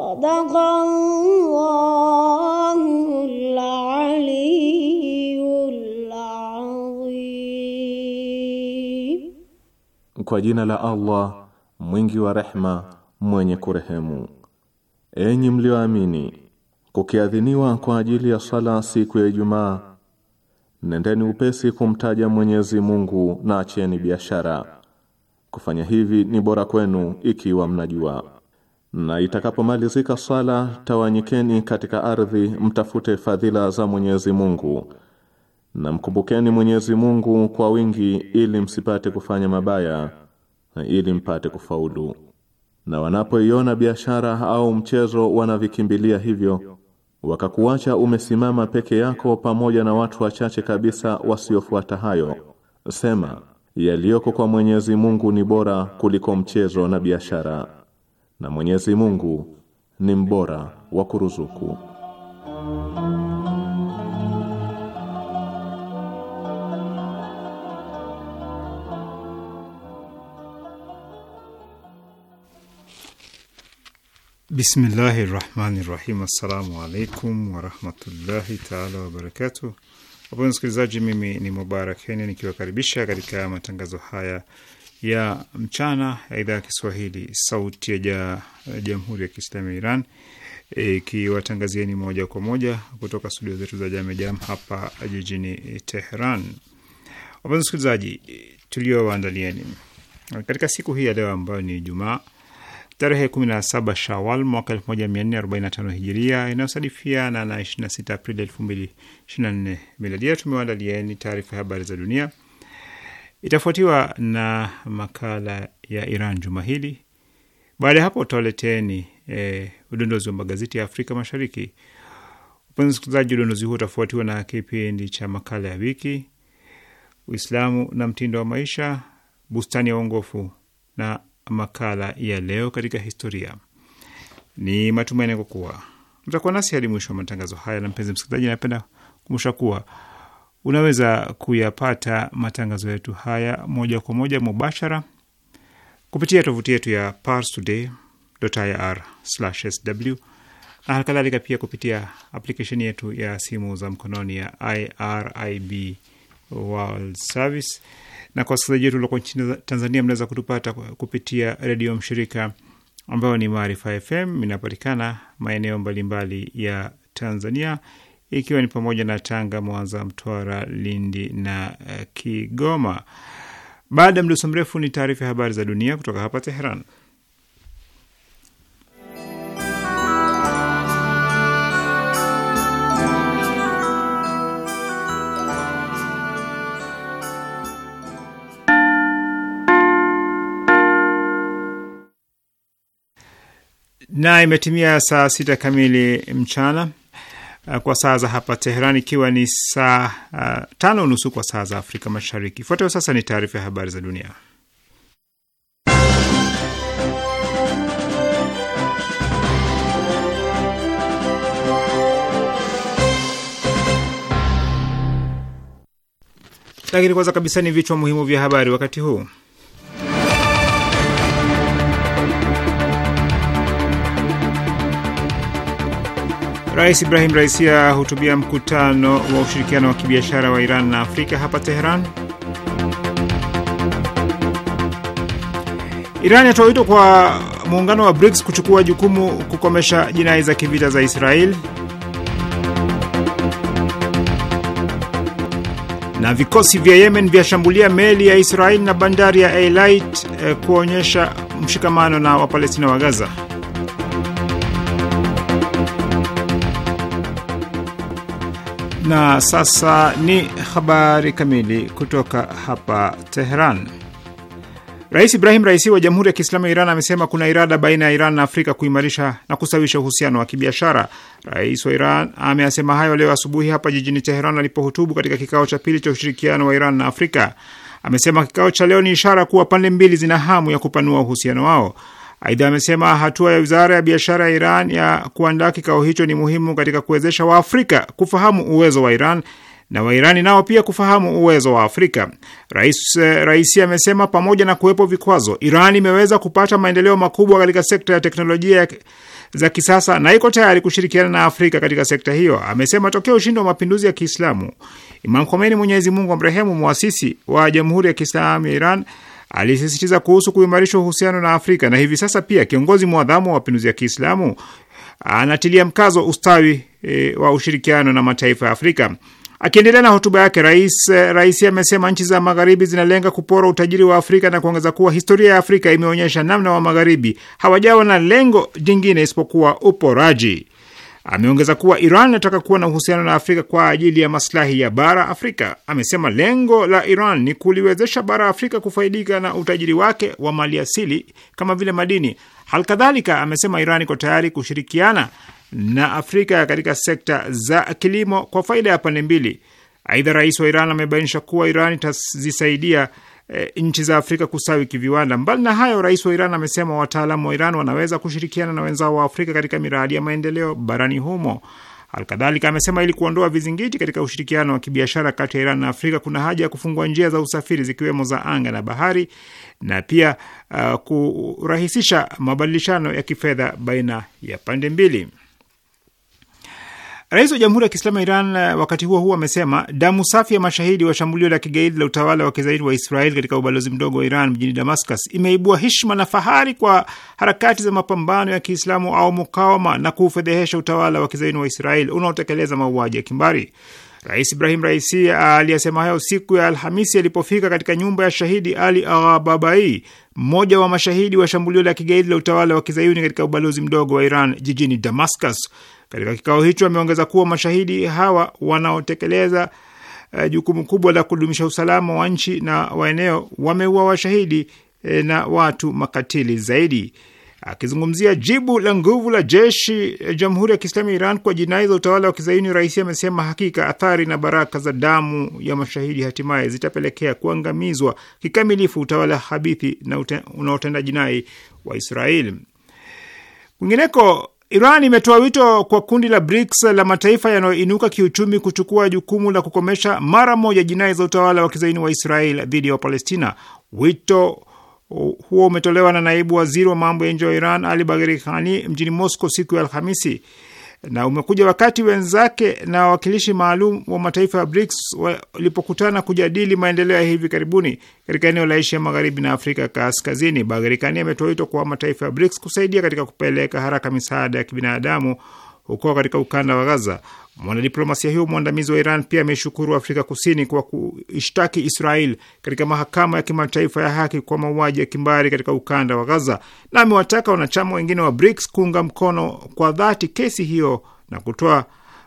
صدق الله العلي العظيم Kwa jina la Allah mwingi wa rehma mwenye kurehemu Enyi mlioamini kukiadhiniwa kwa ajili ya sala siku ya Ijumaa nendeni upesi kumtaja Mwenyezi Mungu na acheni biashara Kufanya hivi ni bora kwenu ikiwa mnajua. Na itakapomalizika swala tawanyikeni katika ardhi, mtafute fadhila za Mwenyezi Mungu na mkumbukeni Mwenyezi Mungu kwa wingi, ili msipate kufanya mabaya na ili mpate kufaulu. Na wanapoiona biashara au mchezo, wanavikimbilia hivyo, wakakuacha umesimama peke yako pamoja na watu wachache kabisa wasiofuata hayo. Sema, yaliyoko kwa Mwenyezi Mungu ni bora kuliko mchezo na biashara, na Mwenyezi Mungu ni mbora wa kuruzuku. Bismillahi rahmani rahim. Assalamu alaikum warahmatullahi taala wabarakatuh. Wapenzi msikilizaji, mimi ni Mubarak Heni nikiwakaribisha katika matangazo haya ya mchana ya idhaa ya Kiswahili sauti ya jamhuri ya Kiislamu ya Iran ikiwatangazieni e, moja kwa moja kutoka studio zetu za Jamejam hapa jijini Teheran. Wapenzi msikilizaji, tuliowaandalieni katika siku hii ya leo ambayo ni Ijumaa tarehe 17 Shawal mwaka 1445 hijiria inayosadifiana na 26 Aprili 2024 miladia. Tumewaandalieni taarifa ya habari za dunia, itafuatiwa na makala ya Iran juma hili. Baada ya hapo, utawaleteni e, eh, udondozi wa magazeti ya Afrika Mashariki. Upenzi msikilizaji, udondozi huo utafuatiwa na kipindi cha makala ya wiki, Uislamu na mtindo wa maisha, bustani ya uongofu na makala ya leo katika historia. Ni matumaini yangu kuwa mtakuwa nasi hadi mwisho wa matangazo haya, na mpenzi msikilizaji, napenda kumusha kuwa unaweza kuyapata matangazo yetu haya moja kwa moja mubashara kupitia tovuti yetu ya parstoday.ir/sw na halikadhalika pia kupitia aplikesheni yetu ya simu za mkononi ya IRIB World Service na kwa wasikilizaji wetu loko nchini Tanzania, mnaweza kutupata kupitia redio mshirika ambayo ni Maarifa FM. Inapatikana maeneo mbalimbali ya Tanzania, ikiwa ni pamoja na Tanga, Mwanza, Mtwara, Lindi na eh, Kigoma. Baada ya mdoso mrefu ni taarifa ya habari za dunia kutoka hapa Teheran. na imetimia saa sita kamili mchana uh, kwa saa za hapa Teheran, ikiwa ni saa uh, tano nusu kwa saa za Afrika Mashariki. Ifuatayo sasa ni taarifa ya habari za dunia, lakini kwanza kabisa ni vichwa muhimu vya habari wakati huu. Rais Ibrahim Raisi ahutubia mkutano wa ushirikiano wa kibiashara wa Iran na Afrika hapa Teheran. Iran yatoa wito kwa muungano wa BRICS kuchukua jukumu kukomesha jinai za kivita za Israel. Na vikosi vya Yemen vyashambulia meli ya Israel na bandari ya Eilat eh, kuonyesha mshikamano na Wapalestina wa Gaza. Na sasa ni habari kamili kutoka hapa Teheran. Rais Ibrahim Raisi wa Jamhuri ya Kiislamu ya Iran amesema kuna irada baina ya Iran na Afrika kuimarisha na kusawisha uhusiano wa kibiashara. Rais wa Iran ameyasema hayo leo asubuhi hapa jijini Teheran alipohutubu katika kikao cha pili cha ushirikiano wa Iran na Afrika. Amesema kikao cha leo ni ishara kuwa pande mbili zina hamu ya kupanua uhusiano wao. Aidha, amesema hatua ya wizara ya biashara ya Iran ya kuandaa kikao hicho ni muhimu katika kuwezesha Waafrika kufahamu uwezo wa Iran na Wairani nao pia kufahamu uwezo wa Afrika. Rais eh, Raisi amesema pamoja na kuwepo vikwazo, Iran imeweza kupata maendeleo makubwa katika sekta ya teknolojia za kisasa na iko tayari kushirikiana na Afrika katika sekta hiyo. Amesema tokea ushindi wa mapinduzi ya Kiislamu, Imam Khomeini, Mwenyezi Mungu amrehemu, mwasisi wa Jamhuri ya Kiislamu ya Iran alisisitiza kuhusu kuimarisha uhusiano na Afrika na hivi sasa pia kiongozi mwadhamu wa mapinduzi ya Kiislamu anatilia mkazo ustawi e, wa ushirikiano na mataifa ya Afrika. Akiendelea na hotuba yake, rais raisi amesema nchi za magharibi zinalenga kupora utajiri wa Afrika na kuongeza kuwa historia ya Afrika imeonyesha namna wa magharibi hawajawa na lengo jingine isipokuwa uporaji. Ameongeza kuwa Iran inataka kuwa na uhusiano na Afrika kwa ajili ya maslahi ya bara Afrika. Amesema lengo la Iran ni kuliwezesha bara Afrika kufaidika na utajiri wake wa maliasili kama vile madini. Halikadhalika, amesema Iran iko tayari kushirikiana na Afrika katika sekta za kilimo kwa faida ya pande mbili. Aidha, rais wa Iran amebainisha kuwa Iran itazisaidia e, nchi za Afrika kusawi kiviwanda. Mbali na hayo, rais wa Iran amesema wataalamu wa Iran wanaweza kushirikiana na wenzao wa Afrika katika miradi ya maendeleo barani humo. Alkadhalika amesema ili kuondoa vizingiti katika ushirikiano wa kibiashara kati ya Iran na Afrika kuna haja ya kufungua njia za usafiri zikiwemo za anga na bahari na pia uh, kurahisisha mabadilishano ya kifedha baina ya pande mbili. Rais wa Jamhuri ya Kiislamu ya Iran eh, wakati huo huo amesema damu safi ya mashahidi wa shambulio la kigaidi la utawala wa kizaidi wa Israel katika ubalozi mdogo wa Iran mjini Damascus imeibua hishma na fahari kwa harakati za mapambano ya Kiislamu au mukawama na kuufedhehesha utawala wa kizaidi wa israel unaotekeleza mauaji ya kimbari. Rais Ibrahim Raisi eh, aliyasema hayo siku ya Alhamisi alipofika katika nyumba ya shahidi Ali ababai mmoja wa mashahidi wa shambulio la kigaidi la utawala wa kizayuni katika ubalozi mdogo wa Iran jijini Damascus. Katika kikao hicho ameongeza kuwa mashahidi hawa wanaotekeleza uh, jukumu kubwa la kudumisha usalama wa nchi na waeneo wameua washahidi eh, na watu makatili zaidi. Akizungumzia jibu la nguvu la jeshi la eh, Jamhuri ya Kiislamu ya Iran kwa jinai za utawala wa kizayuni, rais amesema hakika athari na baraka za damu ya mashahidi hatimaye zitapelekea kuangamizwa kikamilifu utawala habithi na unaotenda jinai wa Israeli. Kwingineko, Iran imetoa wito kwa kundi la BRICS la mataifa yanayoinuka kiuchumi kuchukua jukumu la kukomesha mara moja jinai za utawala wa kizaini wa Israel dhidi ya Wapalestina. Wito huo umetolewa na naibu waziri wa mambo ya nje wa Iran Ali Bagheri Khani mjini Moscow siku ya Alhamisi na umekuja wakati wenzake na wawakilishi maalum wa mataifa ya BRICS walipokutana kujadili maendeleo ya hivi karibuni katika eneo la Asia Magharibi na Afrika Kaskazini. Bagherikani ametoa wito kwa mataifa ya BRICS kusaidia katika kupeleka haraka misaada ya kibinadamu huko katika ukanda wa Gaza. Mwanadiplomasia huyo mwandamizi wa Iran pia ameshukuru Afrika Kusini kwa kuishtaki Israel katika mahakama ya kimataifa ya haki kwa mauaji ya kimbari katika ukanda wa Gaza, na amewataka wanachama wengine wa BRICS kuunga mkono kwa dhati kesi hiyo na kutoa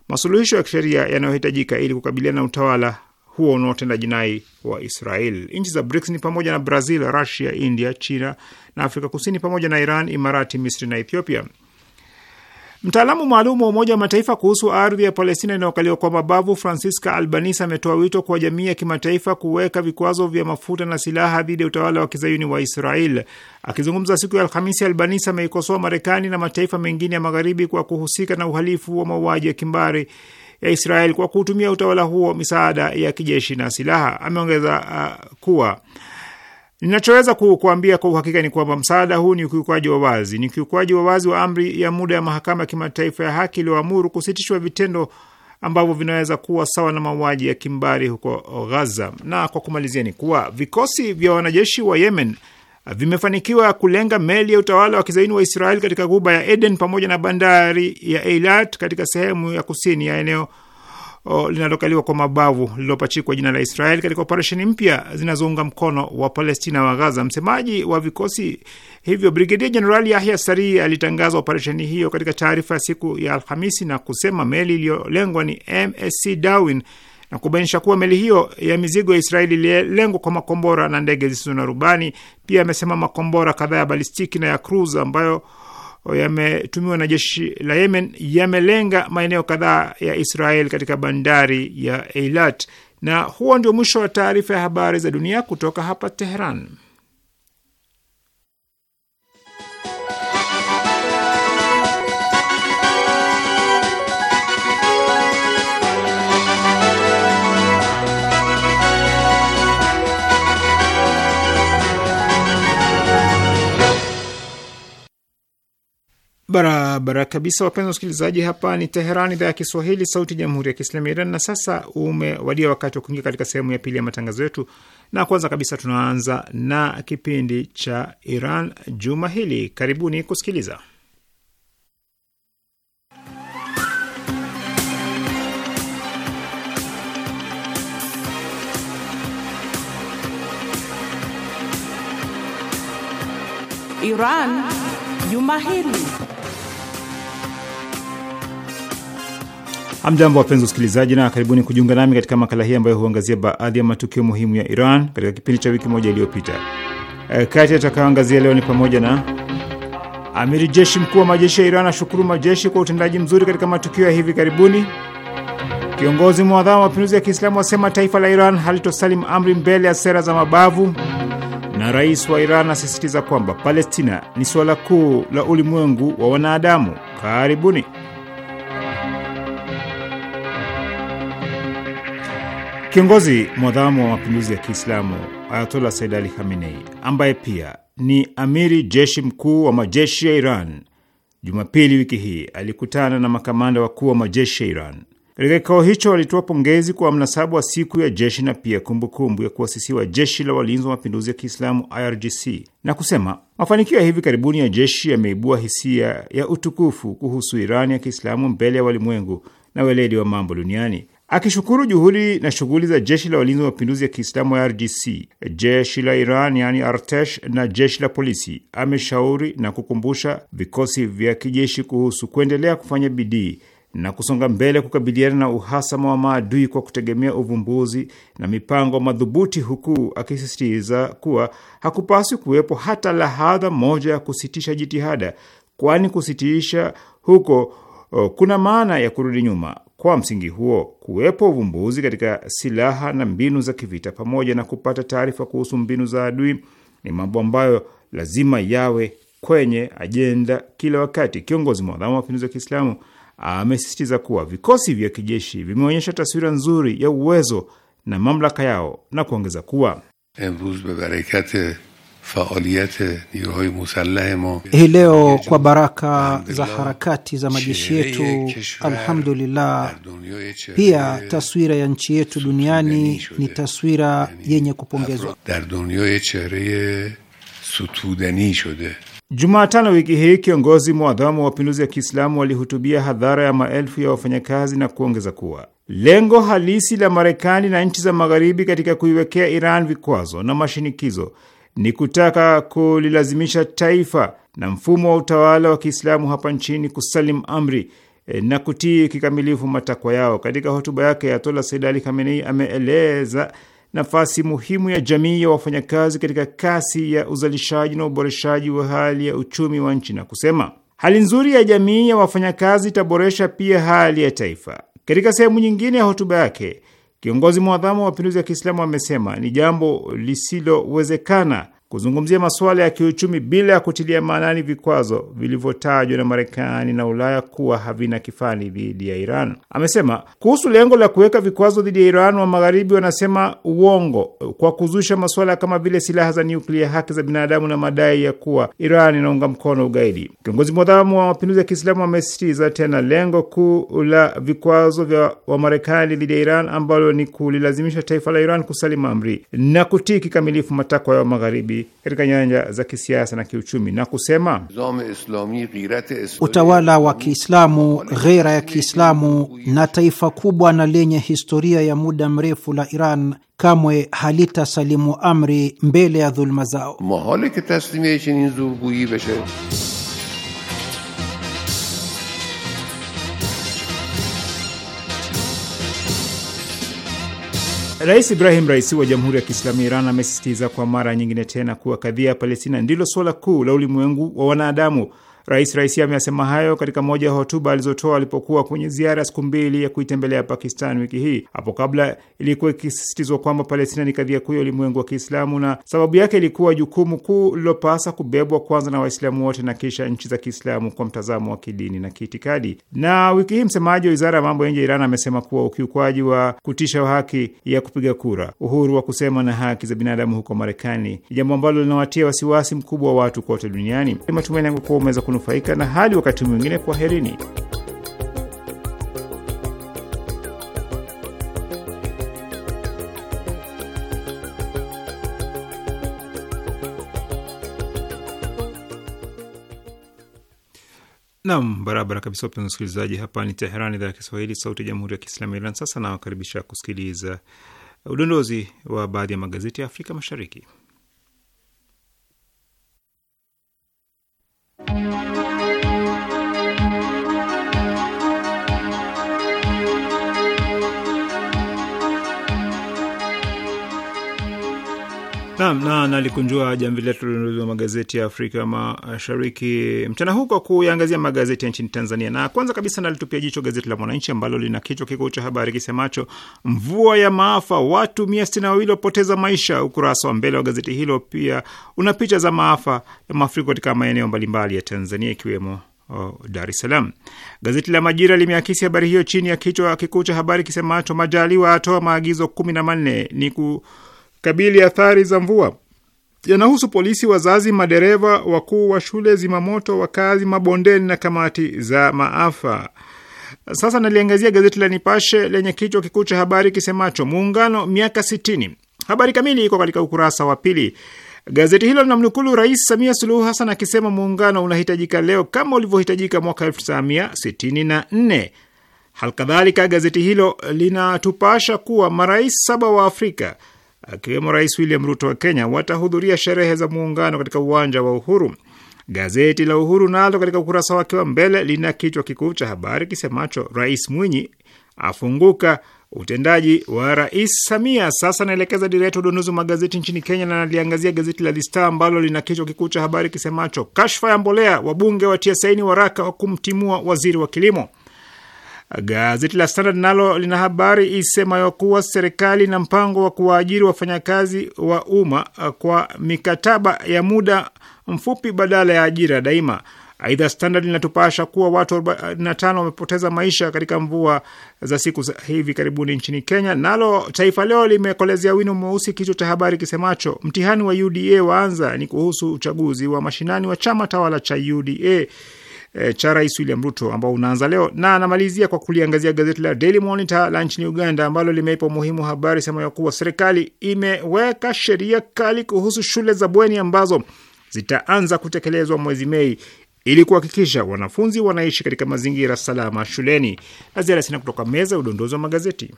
masuluhisho ya kisheria yanayohitajika ili kukabiliana na utawala huo unaotenda jinai wa Israel. Nchi za BRICS ni pamoja na Brazil, Russia, India, China na Afrika Kusini pamoja na Iran, Imarati, Misri na Ethiopia. Mtaalamu maalum wa Umoja wa Mataifa kuhusu ardhi ya Palestina inayokaliwa kwa mabavu Francisca Albanese ametoa wito kwa jamii ya kimataifa kuweka vikwazo vya mafuta na silaha dhidi ya utawala wa kizayuni wa Israel. Akizungumza siku ya Alhamisi, Albanese ameikosoa Marekani na mataifa mengine ya Magharibi kwa kuhusika na uhalifu wa mauaji ya kimbari ya Israel kwa kutumia utawala huo misaada ya kijeshi na silaha. Ameongeza uh, kuwa Ninachoweza kukuambia kwa uhakika ni kwamba msaada huu ni ukiukaji wa wazi, ni ukiukwaji wa wazi wa amri ya muda ya mahakama ya kimataifa ya haki iliyoamuru kusitishwa vitendo ambavyo vinaweza kuwa sawa na mauaji ya kimbari huko Gaza. Na kwa kumalizia ni kuwa vikosi vya wanajeshi wa Yemen vimefanikiwa kulenga meli ya utawala wa kizaini wa Israeli katika ghuba ya Eden pamoja na bandari ya Eilat katika sehemu ya kusini ya eneo linalokaliwa kwa mabavu lililopachikwa jina la Israel katika operesheni mpya zinazounga mkono wa Palestina wa Gaza. Msemaji wa vikosi hivyo Brigedia Jenerali Yahya Sari alitangaza operesheni hiyo katika taarifa ya siku ya Alhamisi na kusema meli iliyolengwa ni MSC Darwin na kubainisha kuwa meli hiyo ya mizigo ya Israeli ililengwa kwa makombora na ndege zisizo na rubani. Pia amesema makombora kadhaa ya balistiki na ya cruise ambayo yametumiwa na jeshi la Yemen yamelenga maeneo kadhaa ya Israel katika bandari ya Eilat. Na huo ndio mwisho wa taarifa ya habari za dunia kutoka hapa teheran Barabara kabisa, wapenzi wasikilizaji, hapa ni Teheran, idhaa ya Kiswahili, sauti ya jamhuri ya kiislamu ya Iran. Na sasa umewadia wakati wa kuingia katika sehemu ya pili ya matangazo yetu, na kwanza kabisa tunaanza na kipindi cha Iran juma hili. Karibuni kusikiliza. Iran juma hili Amjambo, wapenzi usikilizaji, na karibuni kujiunga nami katika makala hii ambayo huangazia baadhi ya matukio muhimu ya Iran katika kipindi cha wiki moja iliyopita. E, kati atakayoangazia leo ni pamoja na amiri jeshi mkuu wa majeshi ya Iran ashukuru majeshi kwa utendaji mzuri katika matukio ya hivi karibuni, kiongozi mwadhamu wa mapinduzi ya Kiislamu asema taifa la Iran halitosalim amri mbele ya sera za mabavu, na rais wa Iran asisitiza kwamba Palestina ni suala kuu la ulimwengu wa wanadamu. Karibuni. Kiongozi mwadhamu wa mapinduzi ya Kiislamu Ayatollah Said Ali Khamenei, ambaye pia ni amiri jeshi mkuu wa majeshi ya Iran, Jumapili wiki hii alikutana na makamanda wakuu wa majeshi ya Iran. Katika kikao hicho walitoa pongezi kwa mnasaba wa siku ya jeshi na pia kumbukumbu kumbu ya kuasisiwa jeshi la walinzi wa mapinduzi ya Kiislamu IRGC na kusema mafanikio ya hivi karibuni ya jeshi yameibua hisia ya utukufu kuhusu Irani ya Kiislamu mbele ya walimwengu na weledi wa mambo duniani. Akishukuru juhudi na shughuli za jeshi la walinzi wa mapinduzi ya Kiislamu ya RGC, jeshi la Iran yani Artesh na jeshi la polisi, ameshauri na kukumbusha vikosi vya kijeshi kuhusu kuendelea kufanya bidii na kusonga mbele kukabiliana na uhasama wa maadui kwa kutegemea uvumbuzi na mipango madhubuti, huku akisisitiza kuwa hakupaswi kuwepo hata lahadha moja ya kusitisha jitihada, kwani kusitisha huko oh, kuna maana ya kurudi nyuma. Kwa msingi huo, kuwepo uvumbuzi katika silaha na mbinu za kivita pamoja na kupata taarifa kuhusu mbinu za adui ni mambo ambayo lazima yawe kwenye ajenda kila wakati. Kiongozi mwadhamu wa mapinduzi ya Kiislamu amesisitiza kuwa vikosi vya kijeshi vimeonyesha taswira nzuri ya uwezo na mamlaka yao na kuongeza kuwa be barakate hii leo kwa baraka za harakati za majeshi yetu, alhamdulillah, pia taswira ya nchi yetu duniani ni taswira yenye kupongezwa. Jumatano wiki hii kiongozi mwadhamu wa mapinduzi ya Kiislamu walihutubia hadhara ya maelfu ya wafanyakazi na kuongeza kuwa lengo halisi la Marekani na nchi za Magharibi katika kuiwekea Iran vikwazo na mashinikizo ni kutaka kulilazimisha taifa na mfumo wa utawala wa Kiislamu hapa nchini kusalim amri eh, na kutii kikamilifu matakwa yao. Katika hotuba yake, Ayatollah Said Ali Khamenei ameeleza nafasi muhimu ya jamii ya wafanyakazi katika kasi ya uzalishaji na uboreshaji wa hali ya uchumi wa nchi na kusema, hali nzuri ya jamii ya wafanyakazi itaboresha pia hali ya taifa. Katika sehemu nyingine ya hotuba yake Kiongozi mwadhamu wa mapinduzi ya Kiislamu amesema ni jambo lisilowezekana kuzungumzia masuala ya kiuchumi bila ya kutilia maanani vikwazo vilivyotajwa na Marekani na Ulaya kuwa havina kifani dhidi ya Iran. Amesema kuhusu lengo la kuweka vikwazo dhidi ya Iran, wa Magharibi wanasema uongo kwa kuzusha masuala kama vile silaha za nyuklia, haki za binadamu na madai ya kuwa Iran inaunga mkono ugaidi. Kiongozi mwadhamu wa mapinduzi ya Kiislamu amesitiza tena lengo kuu la vikwazo vya Wamarekani dhidi ya Iran ambalo ni kulilazimisha taifa la Iran kusalimu amri na kutii kikamilifu matakwa ya Magharibi katika nyanja za kisiasa na kiuchumi na kusema, utawala wa Kiislamu, ghera ya Kiislamu na taifa kubwa na lenye historia ya muda mrefu la Iran kamwe halitasalimu amri mbele ya dhuluma zao. Rais Ibrahim Raisi wa Jamhuri ya Kiislamu ya Iran amesisitiza kwa mara nyingine tena kuwa kadhia ya Palestina ndilo suala kuu la ulimwengu wa wanadamu Rais Raisi amesema hayo katika moja ya hotuba alizotoa alipokuwa kwenye ziara ya siku mbili ya kuitembelea Pakistan wiki hii. Hapo kabla ilikuwa ikisisitizwa kwamba Palestina ni kadhia kuu ya ulimwengu wa Kiislamu na sababu yake ilikuwa jukumu kuu lilopasa kubebwa kwanza na Waislamu wote na kisha nchi za Kiislamu kwa mtazamo wa kidini na kiitikadi. Na wiki hii msemaji wa wizara ya mambo ya nje ya Iran amesema kuwa ukiukwaji wa kutisha wa haki ya kupiga kura, uhuru wa kusema na haki za binadamu huko Marekani ni jambo ambalo linawatia wasiwasi mkubwa wa watu kote duniani. Matumaini yangu kuwa umeweza kunufaika na hadi wakati mwingine, kwaherini. Nam, barabara kabisa, wapenzi msikilizaji, Hapa ni teheran idhaa ya Kiswahili, sauti ya jamhuri ya kiislamu ya Iran. Sasa nawakaribisha kusikiliza udondozi wa baadhi ya magazeti ya Afrika Mashariki. Nam na nalikunjua jamvi letu la magazeti ya Afrika Mashariki mchana huu kwa kuyaangazia magazeti ya nchini Tanzania, na kwanza kabisa nalitupia jicho gazeti la Mwananchi ambalo lina kichwa kikuu cha habari kisemacho mvua ya maafa, watu mia sitini na wawili wapoteza maisha. Ukurasa wa mbele wa gazeti hilo pia una picha za maafa ya mafuriko katika maeneo mbalimbali ya Tanzania ikiwemo Oh, Dar es Salaam. Gazeti la Majira limeakisi habari hiyo chini ya kichwa kikuu cha habari kisemacho Majaliwa atoa maagizo kumi na manne ni ku kabili athari za mvua. Yanahusu polisi, wazazi, madereva, wakuu wa shule, zimamoto, wakazi mabondeni na kamati za maafa. Sasa naliangazia gazeti la Nipashe lenye kichwa kikuu cha habari kisemacho muungano miaka sitini. Habari kamili iko katika ukurasa wa pili. Gazeti hilo linamnukulu Rais Samia Suluhu Hassan akisema muungano unahitajika leo kama ulivyohitajika mwaka 1964. Halkadhalika, gazeti hilo linatupasha kuwa marais saba wa Afrika akiwemo Rais William Ruto wa Kenya watahudhuria sherehe za muungano katika uwanja wa Uhuru. Gazeti la Uhuru nalo katika ukurasa wake wa mbele lina kichwa kikuu cha habari kisemacho Rais Mwinyi afunguka utendaji wa Rais Samia. Sasa naelekeza dira yetu wa magazeti nchini Kenya na naliangazia gazeti la The Star ambalo lina kichwa kikuu cha habari kisemacho kashfa ya mbolea, wabunge watia saini waraka wa kumtimua waziri wa kilimo. Gazeti la Standard nalo lina habari isemayo kuwa serikali na mpango wa kuwaajiri wafanyakazi wa umma uh, kwa mikataba ya muda mfupi badala ya ajira daima. Aidha, Standard linatupasha kuwa watu 45 wamepoteza maisha katika mvua za siku za hivi karibuni nchini Kenya. Nalo Taifa Leo limekolezea wino mweusi kichwa cha habari kisemacho mtihani wa UDA waanza, ni kuhusu uchaguzi wa mashinani wa chama tawala cha UDA e, cha Rais William Ruto ambao unaanza leo, na anamalizia kwa kuliangazia gazeti la Daily Monitor la nchini Uganda ambalo limeipa umuhimu habari sema ya kuwa serikali imeweka sheria kali kuhusu shule za bweni ambazo zitaanza kutekelezwa mwezi Mei ili kuhakikisha wanafunzi wanaishi katika mazingira salama shuleni. Laziara sina kutoka meza udondozi wa magazeti.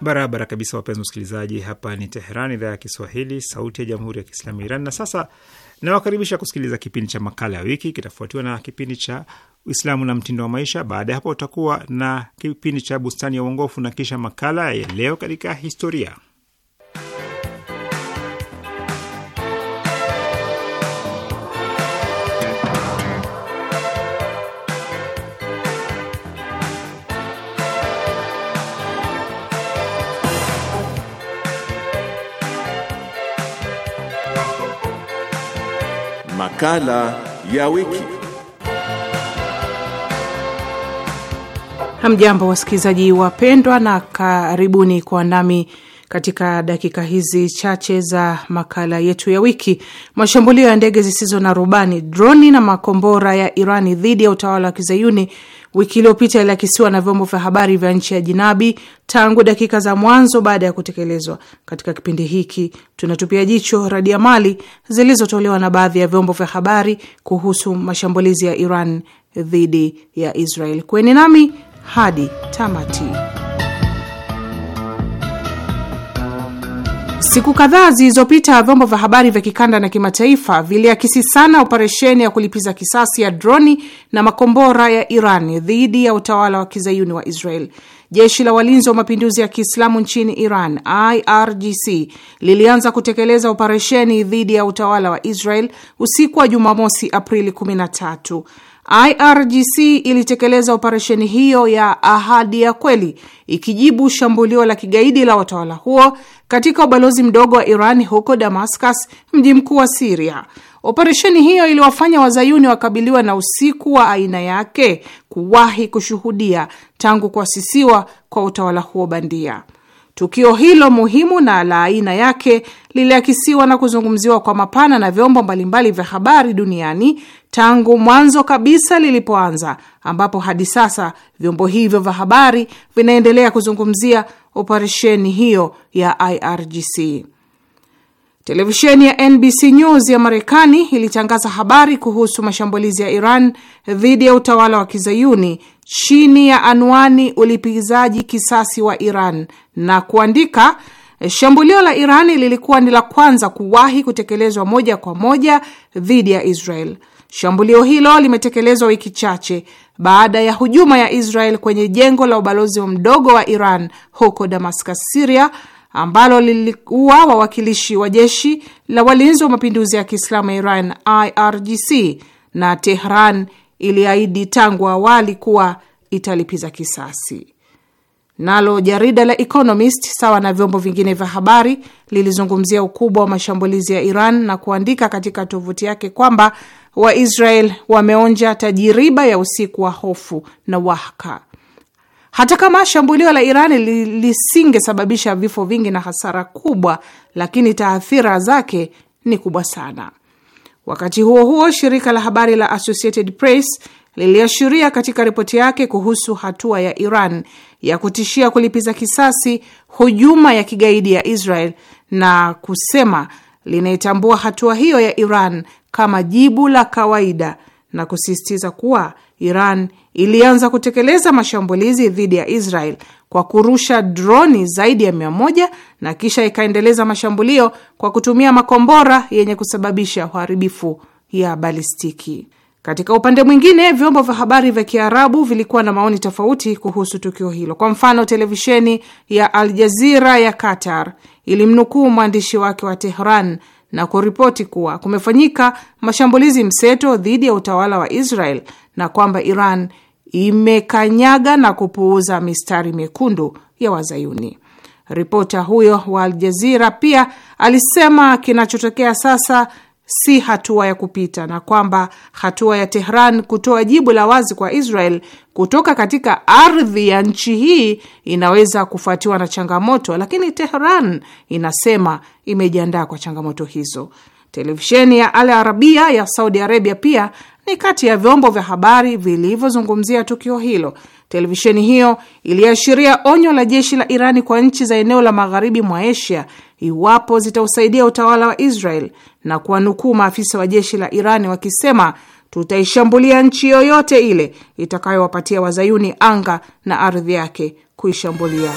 Barabara kabisa, wapenzi msikilizaji, hapa ni Teheran, idhaa ya Kiswahili, sauti ya jamhuri ya kiislamu ya Iran. Na sasa nawakaribisha kusikiliza kipindi cha makala ya wiki, kitafuatiwa na kipindi cha Uislamu na mtindo wa maisha. Baada ya hapo, utakuwa na kipindi cha bustani ya uongofu na kisha makala ya leo katika historia. Makala ya wiki. Hamjambo wasikilizaji wapendwa, na karibuni kwa nami katika dakika hizi chache za makala yetu ya wiki. Mashambulio ya ndege zisizo na rubani, droni na makombora ya Irani dhidi ya utawala wa kizayuni wiki iliyopita yaliakisiwa na vyombo vya habari vya nchi ya jinabi tangu dakika za mwanzo baada ya kutekelezwa. Katika kipindi hiki tunatupia jicho mali zilizotolewa na baadhi ya vyombo vya habari kuhusu mashambulizi ya Iran dhidi ya Israel. Kweni nami hadi tamati. Siku kadhaa zilizopita vyombo vya habari vya kikanda na kimataifa viliakisi sana operesheni ya kulipiza kisasi ya droni na makombora ya Iran dhidi ya utawala wa kizayuni wa Israel. Jeshi la walinzi wa mapinduzi ya Kiislamu nchini Iran, IRGC, lilianza kutekeleza operesheni dhidi ya utawala wa Israel usiku wa Jumamosi, Aprili IRGC ilitekeleza operesheni hiyo ya ahadi ya kweli ikijibu shambulio la kigaidi la utawala huo katika ubalozi mdogo wa Iran huko Damascus, mji mkuu wa Siria. Operesheni hiyo iliwafanya wazayuni wakabiliwa na usiku wa aina yake kuwahi kushuhudia tangu kuasisiwa kwa utawala huo bandia. Tukio hilo muhimu na la aina yake liliakisiwa na kuzungumziwa kwa mapana na vyombo mbalimbali vya habari duniani tangu mwanzo kabisa lilipoanza, ambapo hadi sasa vyombo hivyo vya habari vinaendelea kuzungumzia operesheni hiyo ya IRGC. Televisheni ya NBC News ya Marekani ilitangaza habari kuhusu mashambulizi ya Iran dhidi ya utawala wa kizayuni chini ya anwani ulipizaji kisasi wa Iran na kuandika, shambulio la Iran lilikuwa ni la kwanza kuwahi kutekelezwa moja kwa moja dhidi ya Israel. Shambulio hilo limetekelezwa wiki chache baada ya hujuma ya Israel kwenye jengo la ubalozi mdogo wa Iran huko Damascus, siria ambalo liliua wawakilishi wa jeshi la walinzi wa mapinduzi ya Kiislamu ya Iran IRGC na Tehran iliahidi tangu awali kuwa italipiza kisasi. Nalo jarida la Economist sawa na vyombo vingine vya habari lilizungumzia ukubwa wa mashambulizi ya Iran na kuandika katika tovuti yake kwamba Waisrael wameonja tajiriba ya usiku wa hofu na wahaka. Hata kama shambulio la iran lisingesababisha vifo vingi na hasara kubwa, lakini taathira zake ni kubwa sana. Wakati huo huo, shirika la habari la Associated Press liliashiria katika ripoti yake kuhusu hatua ya Iran ya kutishia kulipiza kisasi hujuma ya kigaidi ya Israel na kusema linaitambua hatua hiyo ya Iran kama jibu la kawaida na kusisitiza kuwa Iran ilianza kutekeleza mashambulizi dhidi ya Israel kwa kurusha droni zaidi ya mia moja na kisha ikaendeleza mashambulio kwa kutumia makombora yenye kusababisha uharibifu ya balistiki. Katika upande mwingine, vyombo vya habari vya Kiarabu vilikuwa na maoni tofauti kuhusu tukio hilo. Kwa mfano, televisheni ya Al Jazira ya Qatar ilimnukuu mwandishi wake wa Tehran na kuripoti kuwa kumefanyika mashambulizi mseto dhidi ya utawala wa Israel na kwamba Iran imekanyaga na kupuuza mistari mekundu ya Wazayuni. Ripota huyo wa Al Jazira pia alisema kinachotokea sasa si hatua ya kupita na kwamba hatua ya Tehran kutoa jibu la wazi kwa Israel kutoka katika ardhi ya nchi hii inaweza kufuatiwa na changamoto, lakini Tehran inasema imejiandaa kwa changamoto hizo. Televisheni ya Al Arabia ya Saudi Arabia pia ni kati ya vyombo vya habari vilivyozungumzia tukio hilo. Televisheni hiyo iliashiria onyo la jeshi la Irani kwa nchi za eneo la magharibi mwa Asia iwapo zitausaidia utawala wa Israel na kuwanukuu maafisa wa jeshi la Irani wakisema tutaishambulia nchi yoyote ile itakayowapatia wazayuni anga na ardhi yake kuishambulia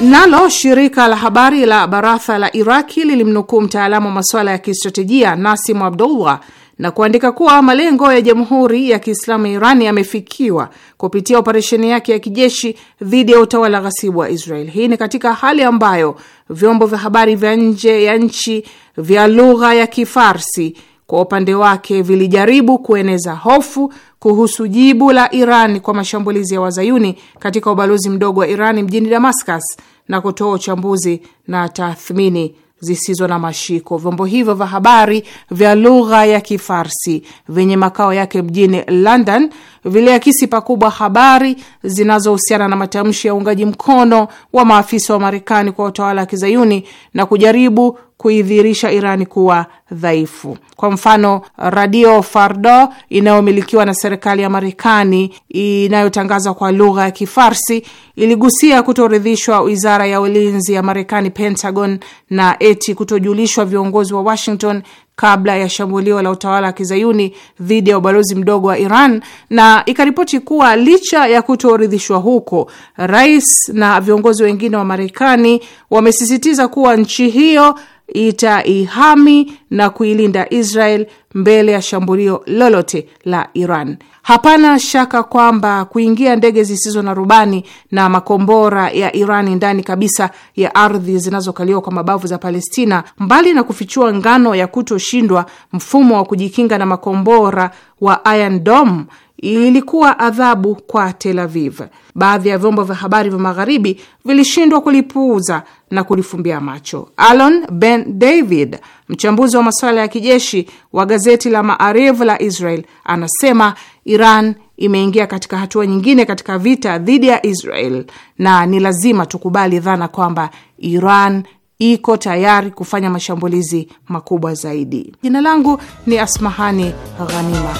Nalo shirika la habari la Baratha la Iraki lilimnukuu mtaalamu wa masuala ya kistratejia nasimu Abdullah na kuandika kuwa malengo ya Jamhuri ya Kiislamu ya Iran yamefikiwa kupitia operesheni yake ya kijeshi dhidi ya utawala ghasibu wa Israel. Hii ni katika hali ambayo vyombo vya habari vya nje ya nchi vya lugha ya Kifarsi kwa upande wake vilijaribu kueneza hofu kuhusu jibu la Iran kwa mashambulizi ya wazayuni katika ubalozi mdogo wa Iran mjini Damascus na kutoa uchambuzi na tathmini zisizo na mashiko. Vyombo hivyo vya habari vya lugha ya Kifarsi vyenye makao yake mjini London viliakisi pakubwa habari zinazohusiana na matamshi ya uungaji mkono wa maafisa wa Marekani kwa utawala wa Kizayuni na kujaribu kuidhihirisha Irani kuwa dhaifu. Kwa mfano, Radio Fardo inayomilikiwa na serikali ya Marekani inayotangaza kwa lugha ya Kifarsi iligusia kutoridhishwa wizara ya ulinzi ya Marekani, Pentagon, na eti kutojulishwa viongozi wa Washington kabla ya shambulio la utawala wa kizayuni dhidi ya ubalozi mdogo wa Iran na ikaripoti kuwa licha ya kutoridhishwa huko, rais na viongozi wengine wa Marekani wamesisitiza kuwa nchi hiyo itaihami na kuilinda Israel mbele ya shambulio lolote la Iran. Hapana shaka kwamba kuingia ndege zisizo na rubani na makombora ya Irani ndani kabisa ya ardhi zinazokaliwa kwa mabavu za Palestina, mbali na kufichua ngano ya kutoshindwa mfumo wa kujikinga na makombora wa Iron Dome, ilikuwa adhabu kwa Tel Aviv. Baadhi ya vyombo vya habari vya magharibi vilishindwa kulipuuza na kulifumbia macho. Alon Ben David, mchambuzi wa masuala ya kijeshi wa gazeti la Maariv la Israel, anasema Iran imeingia katika hatua nyingine katika vita dhidi ya Israel na ni lazima tukubali dhana kwamba Iran iko tayari kufanya mashambulizi makubwa zaidi. Jina langu ni Asmahani Ghanima.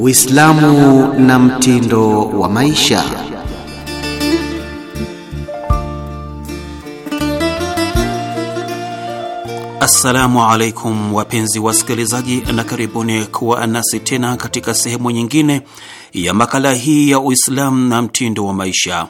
Uislamu na mtindo wa maisha. Assalamu alaikum wapenzi wasikilizaji, na karibuni kuwa anasi tena katika sehemu nyingine ya makala hii ya Uislamu na mtindo wa maisha.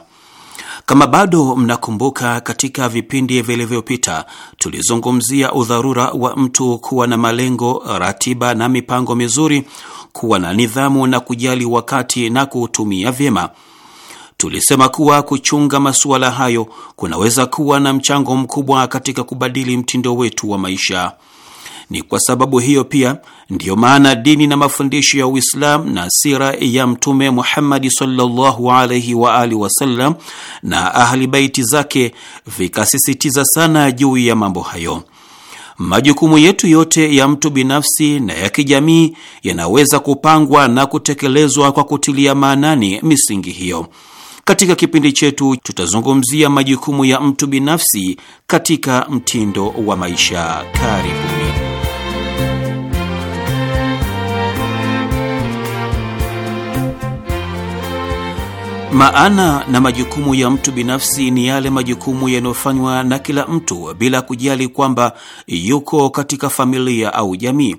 Kama bado mnakumbuka, katika vipindi vilivyopita tulizungumzia udharura wa mtu kuwa na malengo, ratiba na mipango mizuri kuwa na nidhamu na kujali wakati na kuutumia vyema. Tulisema kuwa kuchunga masuala hayo kunaweza kuwa na mchango mkubwa katika kubadili mtindo wetu wa maisha. Ni kwa sababu hiyo pia ndiyo maana dini na mafundisho ya Uislamu na sira ya Mtume Muhammadi sallallahu alaihi wa alihi wasallam na ahli baiti zake vikasisitiza sana juu ya mambo hayo. Majukumu yetu yote ya mtu binafsi na ya kijamii yanaweza kupangwa na kutekelezwa kwa kutilia maanani misingi hiyo. Katika kipindi chetu tutazungumzia majukumu ya mtu binafsi katika mtindo wa maisha. Karibu. Maana na majukumu ya mtu binafsi ni yale majukumu yanayofanywa na kila mtu bila kujali kwamba yuko katika familia au jamii.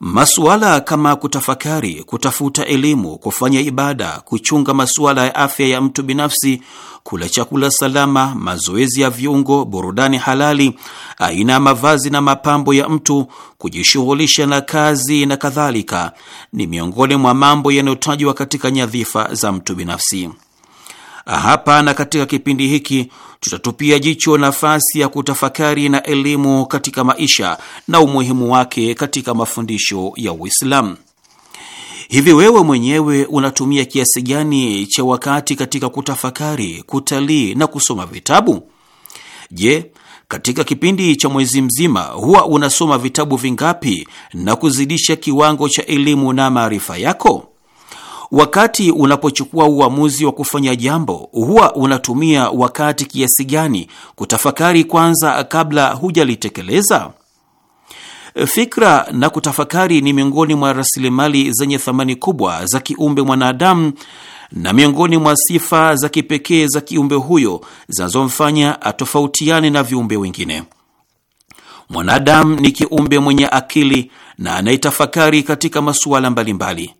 Masuala kama kutafakari, kutafuta elimu, kufanya ibada, kuchunga masuala ya afya ya mtu binafsi, kula chakula salama, mazoezi ya viungo, burudani halali, aina ya mavazi na mapambo ya mtu, kujishughulisha na kazi na kadhalika, ni miongoni mwa mambo yanayotajwa katika nyadhifa za mtu binafsi. Hapa na katika kipindi hiki tutatupia jicho nafasi ya kutafakari na elimu katika maisha na umuhimu wake katika mafundisho ya Uislamu. Hivi wewe mwenyewe unatumia kiasi gani cha wakati katika kutafakari, kutalii na kusoma vitabu? Je, katika kipindi cha mwezi mzima huwa unasoma vitabu vingapi na kuzidisha kiwango cha elimu na maarifa yako? Wakati unapochukua uamuzi wa kufanya jambo, huwa unatumia wakati kiasi gani kutafakari kwanza kabla hujalitekeleza? Fikra na kutafakari ni miongoni mwa rasilimali zenye thamani kubwa za kiumbe mwanadamu na miongoni mwa sifa za kipekee za kiumbe huyo zinazomfanya atofautiane na viumbe wengine. Mwanadamu ni kiumbe mwenye akili na anayetafakari katika masuala mbalimbali.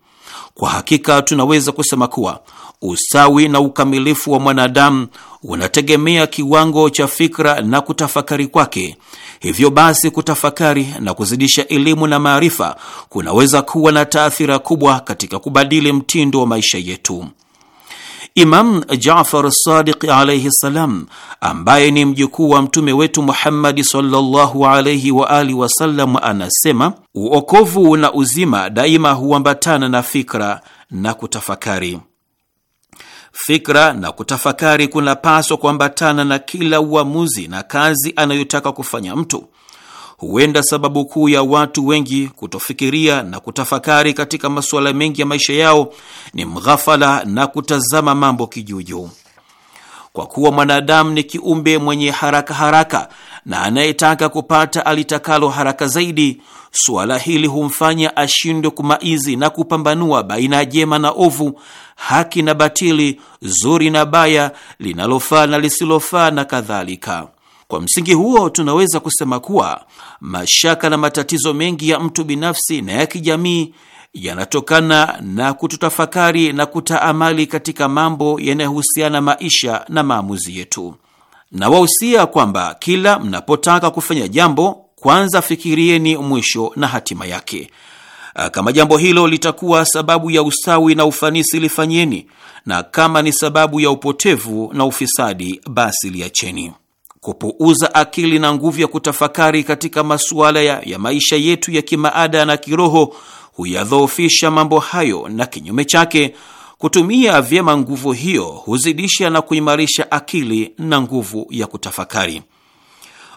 Kwa hakika tunaweza kusema kuwa usawi na ukamilifu wa mwanadamu unategemea kiwango cha fikra na kutafakari kwake. Hivyo basi, kutafakari na kuzidisha elimu na maarifa kunaweza kuwa na taathira kubwa katika kubadili mtindo wa maisha yetu. Imam Jafar Sadiq alaihi ssalam, ambaye ni mjukuu wa mtume wetu Muhammadi sallallahu alaihi wa alihi wasallam, anasema uokovu na uzima daima huambatana na fikra na kutafakari. Fikra na kutafakari kunapaswa kuambatana na kila uamuzi na kazi anayotaka kufanya mtu huenda sababu kuu ya watu wengi kutofikiria na kutafakari katika masuala mengi ya maisha yao ni mghafala na kutazama mambo kijuju Kwa kuwa mwanadamu ni kiumbe mwenye haraka haraka na anayetaka kupata alitakalo haraka zaidi, suala hili humfanya ashindwe kumaizi na kupambanua baina ya jema na ovu, haki na batili, zuri na baya, linalofaa na lisilofaa na kadhalika. Kwa msingi huo, tunaweza kusema kuwa mashaka na matatizo mengi ya mtu binafsi na ya kijamii yanatokana na kututafakari na kutaamali katika mambo yanayohusiana maisha na maamuzi yetu. Nawahusia kwamba kila mnapotaka kufanya jambo, kwanza fikirieni mwisho na hatima yake. Kama jambo hilo litakuwa sababu ya ustawi na ufanisi, lifanyeni, na kama ni sababu ya upotevu na ufisadi, basi liacheni kupuuza akili na nguvu ya kutafakari katika masuala ya, ya maisha yetu ya kimaada na kiroho huyadhoofisha mambo hayo, na kinyume chake kutumia vyema nguvu hiyo huzidisha na kuimarisha akili na nguvu ya kutafakari.